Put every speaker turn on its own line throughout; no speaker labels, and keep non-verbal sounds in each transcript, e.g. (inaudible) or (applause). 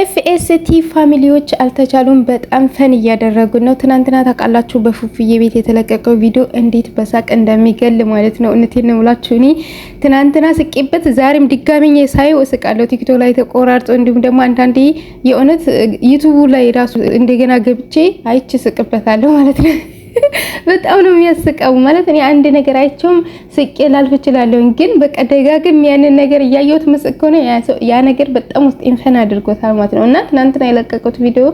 ኤፍኤስቲ ፋሚሊዎች አልተቻሉም። በጣም ፈን እያደረጉ ነው። ትናንትና ታውቃላችሁ በፉፉዬ ቤት የተለቀቀው ቪዲዮ እንዴት በሳቅ እንደሚገል ማለት ነው። እውነቴን ነው የምላችሁ። እኔ ትናንትና ስቄበት ዛሬም ድጋሚኝ ሳየው እስቃለሁ። ቲክቶክ ላይ ተቆራርጦ እንዲሁም ደግሞ አንዳንዴ የእውነት ዩቱቡ ላይ ራሱ እንደገና ገብቼ አይቼ ስቅበታለሁ ማለት ነው። (laughs) በጣም ነው የሚያስቀው። ማለት እኔ አንድ ነገር አይቸውም ስቄ ላልፍ እችላለሁ፣ ግን በቃ ደጋግም ያንን ነገር እያየሁት መስቅ ከሆነ ያ ነገር በጣም ውስጤን ፈን አድርጎታል ማለት ነው እና ትናንትና የለቀቁት ቪዲዮ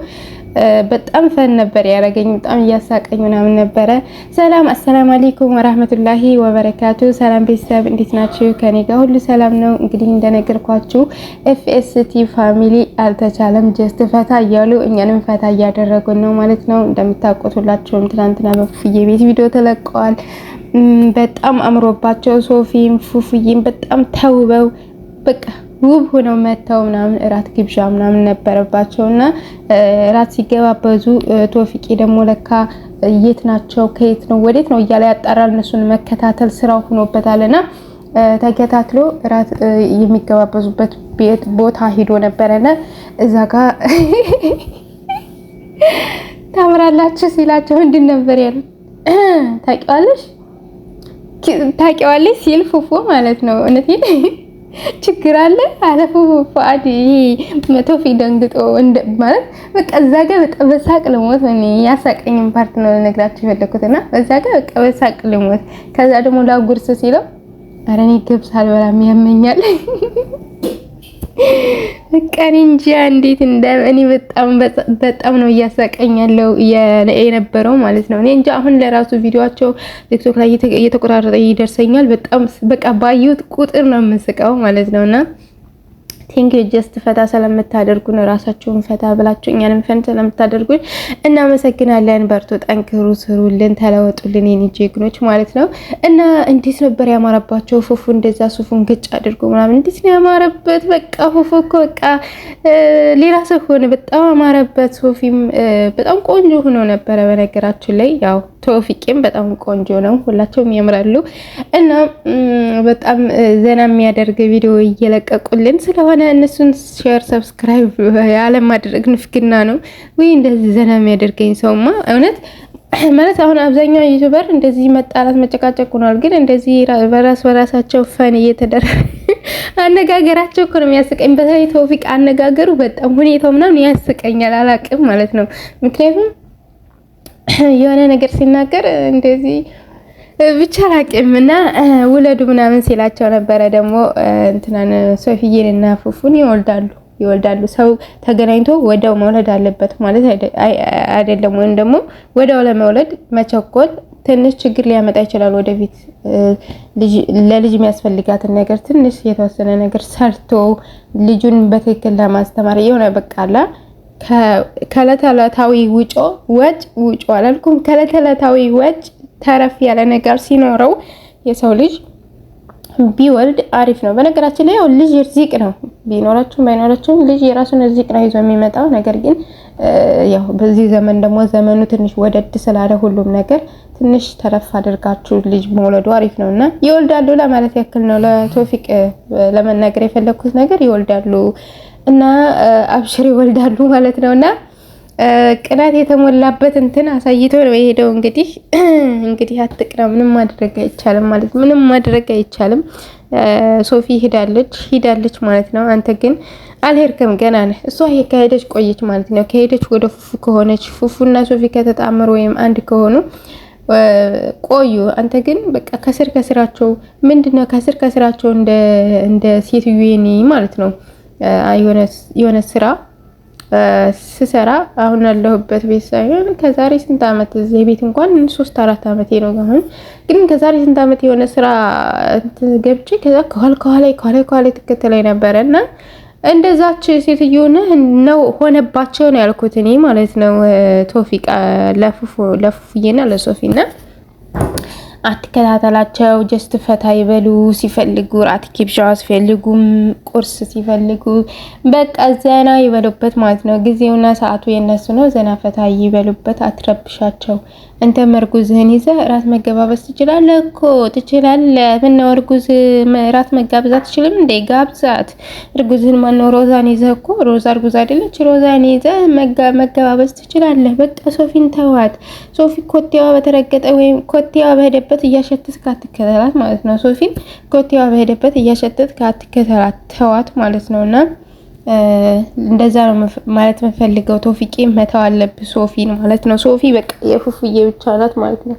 በጣም ፈን ነበር ያደረገኝ። በጣም እያሳቀኝ ምናምን ነበረ። ሰላም አሰላም አለይኩም ወራህመቱላሂ ወበረካቱ። ሰላም ቤተሰብ እንዴት ናችሁ? ከኔ ጋር ሁሉ ሰላም ነው። እንግዲህ እንደነገርኳችሁ ኤፍኤስቲ ፋሚሊ አልተቻለም። ጀስት ፈታ እያሉ እኛንም ፈታ እያደረጉን ነው ማለት ነው። እንደምታውቁት ትናንትና በፉፉዬ ቤት ቪዲዮ ተለቀዋል። በጣም አምሮባቸው ሶፊም ፉፉዬም በጣም ተውበው በቃ ውብ ሆነው መተው ምናምን እራት ግብዣ ምናምን ነበረባቸው እና እራት ሲገባበዙ ቶፊቄ ደግሞ ለካ የት ናቸው ከየት ነው ወዴት ነው እያለ ያጣራል። እነሱን መከታተል ስራው ሆኖበታልና ተከታትሎ እራት የሚገባበዙበት ቤት ቦታ ሂዶ ነበረና እዛ ጋ (laughs) ታምራላችሁ ሲላቸው ምንድን ነበር ያሉት? (clears throat) ታውቂዋለሽ ታውቂዋለሽ ሲል ፉፉ ማለት ነው እውነቴን (laughs) ችግር አለ አለፈ መቶ ቶፊቅ ደንግጦ ማለት በቃ እዛ ጋር በቃ በሳቅ ልሞት ያሳቀኝም ፓርት ነው ልነግራችሁ የፈለኩት እና እዛ ጋ በቃ በሳቅ ልሞት ከዛ ደግሞ ላጉርስ ሲለው ኧረ እኔ ገብስ አልበላም ያመኛል (laughs) በቃ እኔ እንዴት እንደ እኔ በጣም በጣም ነው እያሳቀኝ ያለው የነበረው ማለት ነው። እኔ እንጂ አሁን ለራሱ ቪዲዮአቸው ቲክቶክ ላይ እየተቆራረጠ ይደርሰኛል። በጣም በቃ ባየሁት ቁጥር ነው የምስቀው ማለት ነውና ቴንክ ዩ ጀስት ፈታ ስለምታደርጉን ራሳችሁን ፈታ ብላችሁ እኛንም ፈን ስለምታደርጉን እናመሰግናለን። በርቱ፣ ጠንክሩ፣ ስሩልን፣ ተለወጡልን የኔ ጀግኖች ማለት ነው። እና እንዴት ነበር ያማረባቸው ፉፉ እንደዛ ሱፉን ግጭ አድርጎ ምናምን እንዴት ነው ያማረበት። በቃ ፉፉ እኮ በቃ ሌላ ሰው ሆነ፣ በጣም አማረበት። ሶፊም በጣም ቆንጆ ሆኖ ነበረ። በነገራችን ላይ ያው ቶፊቅም በጣም ቆንጆ ነው፣ ሁላቸውም ያምራሉ። እና በጣም ዘና የሚያደርግ ቪዲዮ እየለቀቁልን ስለሆነ ከሆነ እነሱን ሼር ሰብስክራይብ ማድረግ ንፍግና ነው ወይ? እንደዚህ ዘና የሚያደርገኝ ሰውማ እውነት (clears throat) ማለት አሁን አብዛኛው ዩቱበር እንደዚህ መጣላት መጨቃጨቅ ሆኗል። ግን እንደዚህ በራስ በራሳቸው ፈን እየተደረገ (laughs) አነጋገራቸው እኮ ነው የሚያስቀኝ። በተለይ ቶፊቅ አነጋገሩ በጣም ሁኔታው ምናምን ያስቀኛል። አላቅም ማለት ነው ምክንያቱም (clears throat) የሆነ ነገር ሲናገር እንደዚህ ብቻ ራቅም እና ውለዱ ምናምን ሲላቸው ነበረ። ደግሞ እንትናን ሶፊዬን እና ፉፉን ይወልዳሉ ይወልዳሉ። ሰው ተገናኝቶ ወደው መውለድ አለበት ማለት አይደለም። ወይም ደግሞ ወደው ለመውለድ መቸኮል ትንሽ ችግር ሊያመጣ ይችላል። ወደፊት ለልጅ የሚያስፈልጋትን ነገር ትንሽ የተወሰነ ነገር ሰርቶ ልጁን በትክክል ለማስተማር የሆነ በቃላ ከዕለት ዕለታዊ ውጮ ወጭ ውጮ አላልኩም ከዕለት ዕለታዊ ወጭ ተረፍ ያለ ነገር ሲኖረው የሰው ልጅ ቢወልድ አሪፍ ነው። በነገራችን ላይ ያው ልጅ ርዚቅ ነው። ቢኖራችሁም ባይኖራችሁም ልጅ የራሱን ርዚቅ ነው ይዞ የሚመጣው። ነገር ግን ያው በዚህ ዘመን ደግሞ ዘመኑ ትንሽ ወደድ ስላለ ሁሉም ነገር ትንሽ ተረፍ አድርጋችሁ ልጅ መውለዱ አሪፍ ነው እና ይወልዳሉ ለማለት ያክል ነው። ለቶፊቅ ለመናገር የፈለግኩት ነገር ይወልዳሉ እና አብሽር ይወልዳሉ ማለት ነው እና ቅናት የተሞላበት እንትን አሳይቶ ነው የሄደው። እንግዲህ (clears throat) እንግዲህ አትቅና፣ ምንም ማድረግ አይቻልም ማለት ምንም ማድረግ አይቻልም። ሶፊ ሂዳለች ሂዳለች ማለት ነው። አንተ ግን አልሄድክም፣ ገና ነህ። እሷ ከሄደች ቆየች ማለት ነው። ከሄደች ወደ ፉፉ ከሆነች ፉፉና ሶፊ ከተጣመሩ ወይም አንድ ከሆኑ ቆዩ። አንተ ግን በቃ ከስር ከስራቸው ምንድነው ከስር ከስራቸው እንደ እንደ ሴትዮ የኔ ማለት ነው የሆነ ስራ ስሰራ አሁን ያለሁበት ቤት ሳይሆን ከዛሬ ስንት ዓመት እዚህ ቤት እንኳን ሶስት አራት ዓመቴ ነው። አሁን ግን ከዛሬ ስንት ዓመት የሆነ ስራ ገብቼ ከዛ ከኋላ ከኋላ ከኋላ ከኋላ ትከተለኝ ነበረ እና እንደዛች ሴትዮን ነው ሆነባቸው ነው ያልኩት እኔ ማለት ነው ቶፊቅ ለፉፉ ለፉፉዬና ለሶፊና አትከታተላቸው። ጀስት ፈታ ይበሉ። ሲፈልጉ ራት ኪብሻ፣ ሲፈልጉም ቁርስ ሲፈልጉ በቃ ዘና ይበሉበት ማለት ነው። ጊዜውና ሰዓቱ የነሱ ነው። ዘና ፈታ ይበሉበት፣ አትረብሻቸው። እንተ መርጉዝህን ይዘህ ራት መገባበዝ ትችላለህ እኮ ትችላለህ። ምነው እርጉዝ ራት መጋብዝ አትችልም እንዴ? ጋብዛት። እርጉዝህን ማነው ሮዛን ይዘህ እኮ ሮዛ እርጉዝ አይደለች። ሮዛን ይዘህ መገባበዝ ትችላለህ። በቃ ሶፊን ተዋት። ሶፊ ኮቴዋ በተረገጠ ወይም ኮቴዋ በሄደበት እያሸተትክ አትከተላት ማለት ነው። ሶፊን ኮቴዋ በሄደበት እያሸተትክ አትከተላት፣ ተዋት ማለት ነውና እንደዛ ነው ማለት የምፈልገው። ቶፊቄ መተው አለብህ ሶፊን ማለት ነው። ሶፊ በቃ የፉፍዬ ብቻ ናት ማለት ነው።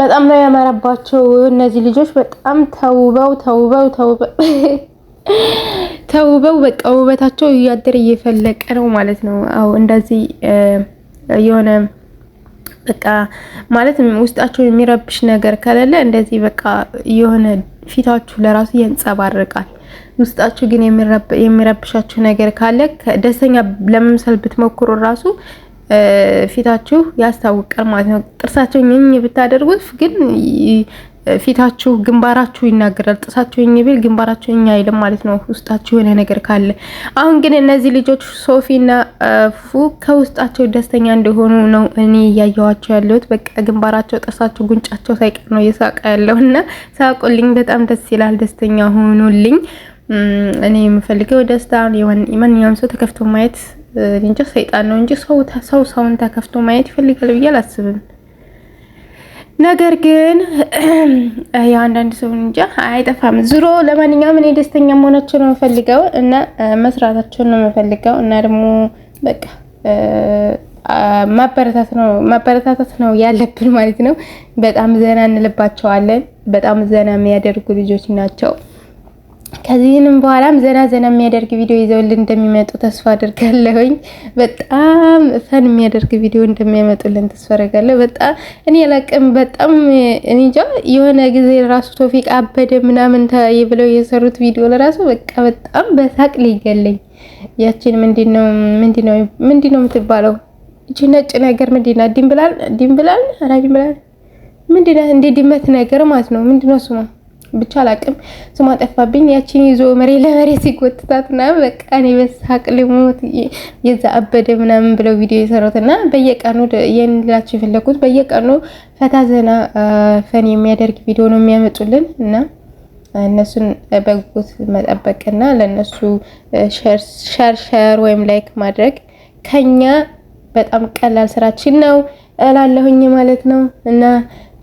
በጣም ነው ያማረባቸው እነዚህ ልጆች በጣም ተውበው ተውበው ተውበው (laughs) ተውበው በቃ ውበታቸው እያደር እየፈለቀ ነው ማለት ነው። አው እንደዚህ የሆነ በቃ ማለት ውስጣቸው የሚረብሽ ነገር ከሌለ እንደዚህ በቃ የሆነ ፊታችሁ ለራሱ ያንጸባርቃል። ውስጣችሁ ግን የሚረብሻችሁ ነገር ካለ ደስተኛ ለመምሰል ብትሞክሩ ራሱ ፊታችሁ ያስታውቃል ማለት ነው። ጥርሳቸው ኝኝ ብታደርጉት ግን ፊታችሁ ግንባራችሁ ይናገራል። ጥሳችሁ እኝ ግንባራችሁ እኛ አይልም ማለት ነው፣ ውስጣችሁ የሆነ ነገር ካለ። አሁን ግን እነዚህ ልጆች ሶፊና ፉ ከውስጣቸው ደስተኛ እንደሆኑ ነው እኔ እያየዋቸው ያለሁት። በቃ ግንባራቸው፣ ጥሳቸው፣ ጉንጫቸው ሳይቀር ነው እየሳቀ ያለው እና ሳቁልኝ፣ በጣም ደስ ይላል። ደስተኛ ሆኑልኝ። እኔ የምፈልገው ደስታ ማንኛውም ሰው ተከፍቶ ማየት እንጂ ሰይጣን ነው እንጂ ሰው ሰውን ተከፍቶ ማየት ይፈልጋል ብዬ አላስብም። ነገር ግን የአንዳንድ (clears throat) ሰው እንጃ አይጠፋም። ዝሮ ለማንኛውም እኔ ደስተኛ መሆናቸው ነው የምፈልገው እና መስራታቸው ነው የምፈልገው እና ደግሞ በቃ ማበረታት ነው ማበረታታት ነው ያለብን ማለት ነው። በጣም ዘና እንልባቸዋለን። በጣም ዘና የሚያደርጉ ልጆች ናቸው። ከዚህንም በኋላም ዘና ዘና የሚያደርግ ቪዲዮ ይዘውልን እንደሚመጡ ተስፋ አድርጋለሁኝ። በጣም ፈን የሚያደርግ ቪዲዮ እንደሚያመጡልን ተስፋ አድርጋለሁ። በጣም እኔ አላቅም። በጣም እኔ እንጃ የሆነ ጊዜ ራሱ ቶፊቅ አበደ ምናምን ብለው የሰሩት ቪዲዮ ለራሱ በቃ በጣም በሳቅ ሊገለኝ ያችን ምንድነው ምንድነው ምንድነው የምትባለው እቺ ነጭ ነገር ምንድና ድንብላል ድንብላል አራ ድንብላል ምንድና እንደ ድመት ነገር ማለት ነው ምንድነው ስሟ ብቻ አላቅም ስሟ ጠፋብኝ። ያችን ይዞ መሬ ለመሬ ሲጎትታት ና በቃ እኔ በሳቅ ልሞት የዛ አበደ ምናምን ብለው ቪዲዮ የሰሩት እና በየቀኑ የንላቸው የፈለኩት በየቀኑ ፈታ ዘና ፈን የሚያደርግ ቪዲዮ ነው የሚያመጡልን እና እነሱን በጉጉት መጠበቅና ለእነሱ ሸር ሸር ወይም ላይክ ማድረግ ከኛ በጣም ቀላል ስራችን ነው እላለሁኝ ማለት ነው እና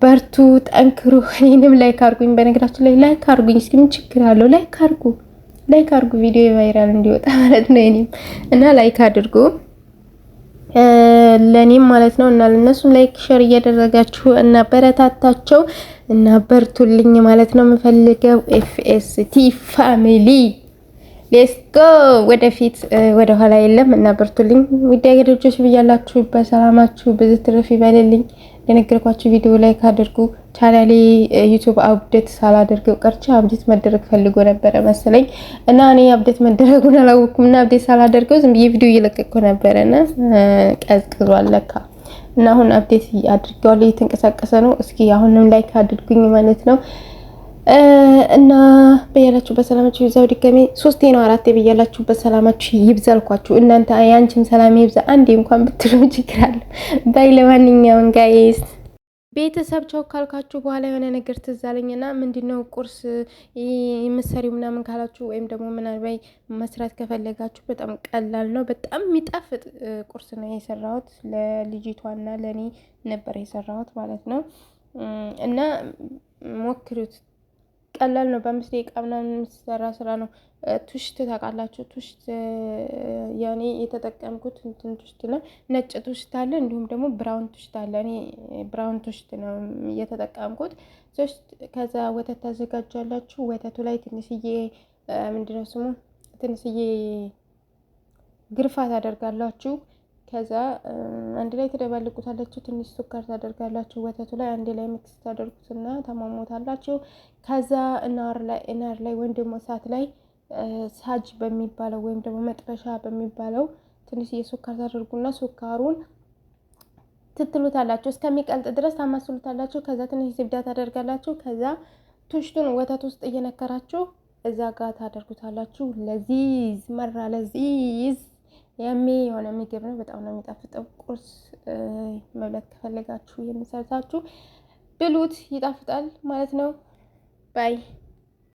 በርቱ፣ ጠንክሩ። እኔንም ላይክ አርጉኝ። በነገራችን ላይ ላይክ አርጉኝ። እስኪ ምን ችግር አለው? ላይክ አርጉ፣ ላይክ አርጉ። ቪዲዮ ቫይራል እንዲወጣ (laughs) ማለት ነው። እኔም እና ላይክ አድርጉ ለኔም ማለት ነው እና ለነሱም ላይክ ሼር እያደረጋችሁ እና በረታታቸው እና በርቱልኝ ማለት ነው የምፈልገው ኤፍኤስቲ ፋሚሊ ሌስ ጎ ወደፊት ወደኋላ የለም እና በርቱልኝ። ውድ ሀገር ልጆች ብያላችሁ በሰላማችሁ ብዙ ትርፍ ይበልልኝ። የነገርኳችሁ ቪዲዮ ላይ ካደርጉ ቻናሌ ዩቱብ አብዴት ሳላደርገው ቀርቼ አብዴት መደረግ ፈልጎ ነበረ መሰለኝ እና እኔ አብዴት መደረጉን አላወኩም እና አብዴት ሳላደርገው ዝም ብዬ ቪዲዮ እየለቀቅኩ ነበረ እና ቀዝቅዟል ለካ እና አሁን አብዴት አድርጌዋለሁ። እየተንቀሳቀሰ ነው። እስኪ አሁንም ላይክ አድርጉኝ ማለት ነው። እና በያላችሁ በሰላማችሁ ይብዛው። ድጋሜ ሶስቴ ነው አራቴ በያላችሁ በሰላማችሁ ይብዛ አልኳችሁ። እናንተ ያንቺም ሰላም ይብዛ። አንዴ እንኳን ብትሉ ችግር አለ ባይ። ለማንኛውም ጋይስ ቤተሰብ ቸው ካልካችሁ በኋላ የሆነ ነገር ትዝ አለኝና ምንድን ነው ቁርስ የምትሰሪው ምናምን ካላችሁ ወይም ደግሞ ምናልባይ መስራት ከፈለጋችሁ በጣም ቀላል ነው። በጣም የሚጣፍጥ ቁርስ ነው የሰራሁት ለልጅቷና ለእኔ ነበር የሰራሁት ማለት ነው እና ሞክሩት። ቀላል ነው። በአምስት ደቂቃ የምትሰራ ስራ ነው። ቱሽት ታውቃላችሁ? ቱሽት ያኔ የተጠቀምኩት እንትን ቱሽት ነው። ነጭ ቱሽት አለ፣ እንዲሁም ደግሞ ብራውን ቱሽት አለ። እኔ ብራውን ቱሽት ነው የተጠቀምኩት። ሶስት ከዛ ወተት ታዘጋጃላችሁ። ወተቱ ላይ ትንሽዬ ምንድነው ስሙ ትንሽዬ ግርፋ አደርጋላችሁ? ከዛ አንድ ላይ ትደባልቁታላችሁ። ትንሽ ሱካር ታደርጋላችሁ ወተቱ ላይ አንድ ላይ ሚክስ ታደርጉትና ተማሞታላችሁ። ከዛ እናር ላይ እናር ላይ ወይም ደግሞ እሳት ላይ ሳጅ በሚባለው ወይም ደግሞ መጥበሻ በሚባለው ትንሽ የሱካር ታደርጉና ሱካሩን ትትሉታላችሁ እስከሚቀልጥ ድረስ ታማስሉታላችሁ። ከዛ ትንሽ ዝብዳ ታደርጋላችሁ። ከዛ ቱሽቱን ወተት ውስጥ እየነከራችሁ እዛ ጋር ታደርጉታላችሁ። ለዚዝ መራ ለዚዝ የሚ የሆነ ምግብ ነው። በጣም ነው የሚጣፍጠው። ቁርስ መብላት ከፈለጋችሁ የምሰርታችሁ ብሉት፣ ይጣፍጣል ማለት ነው። ባይ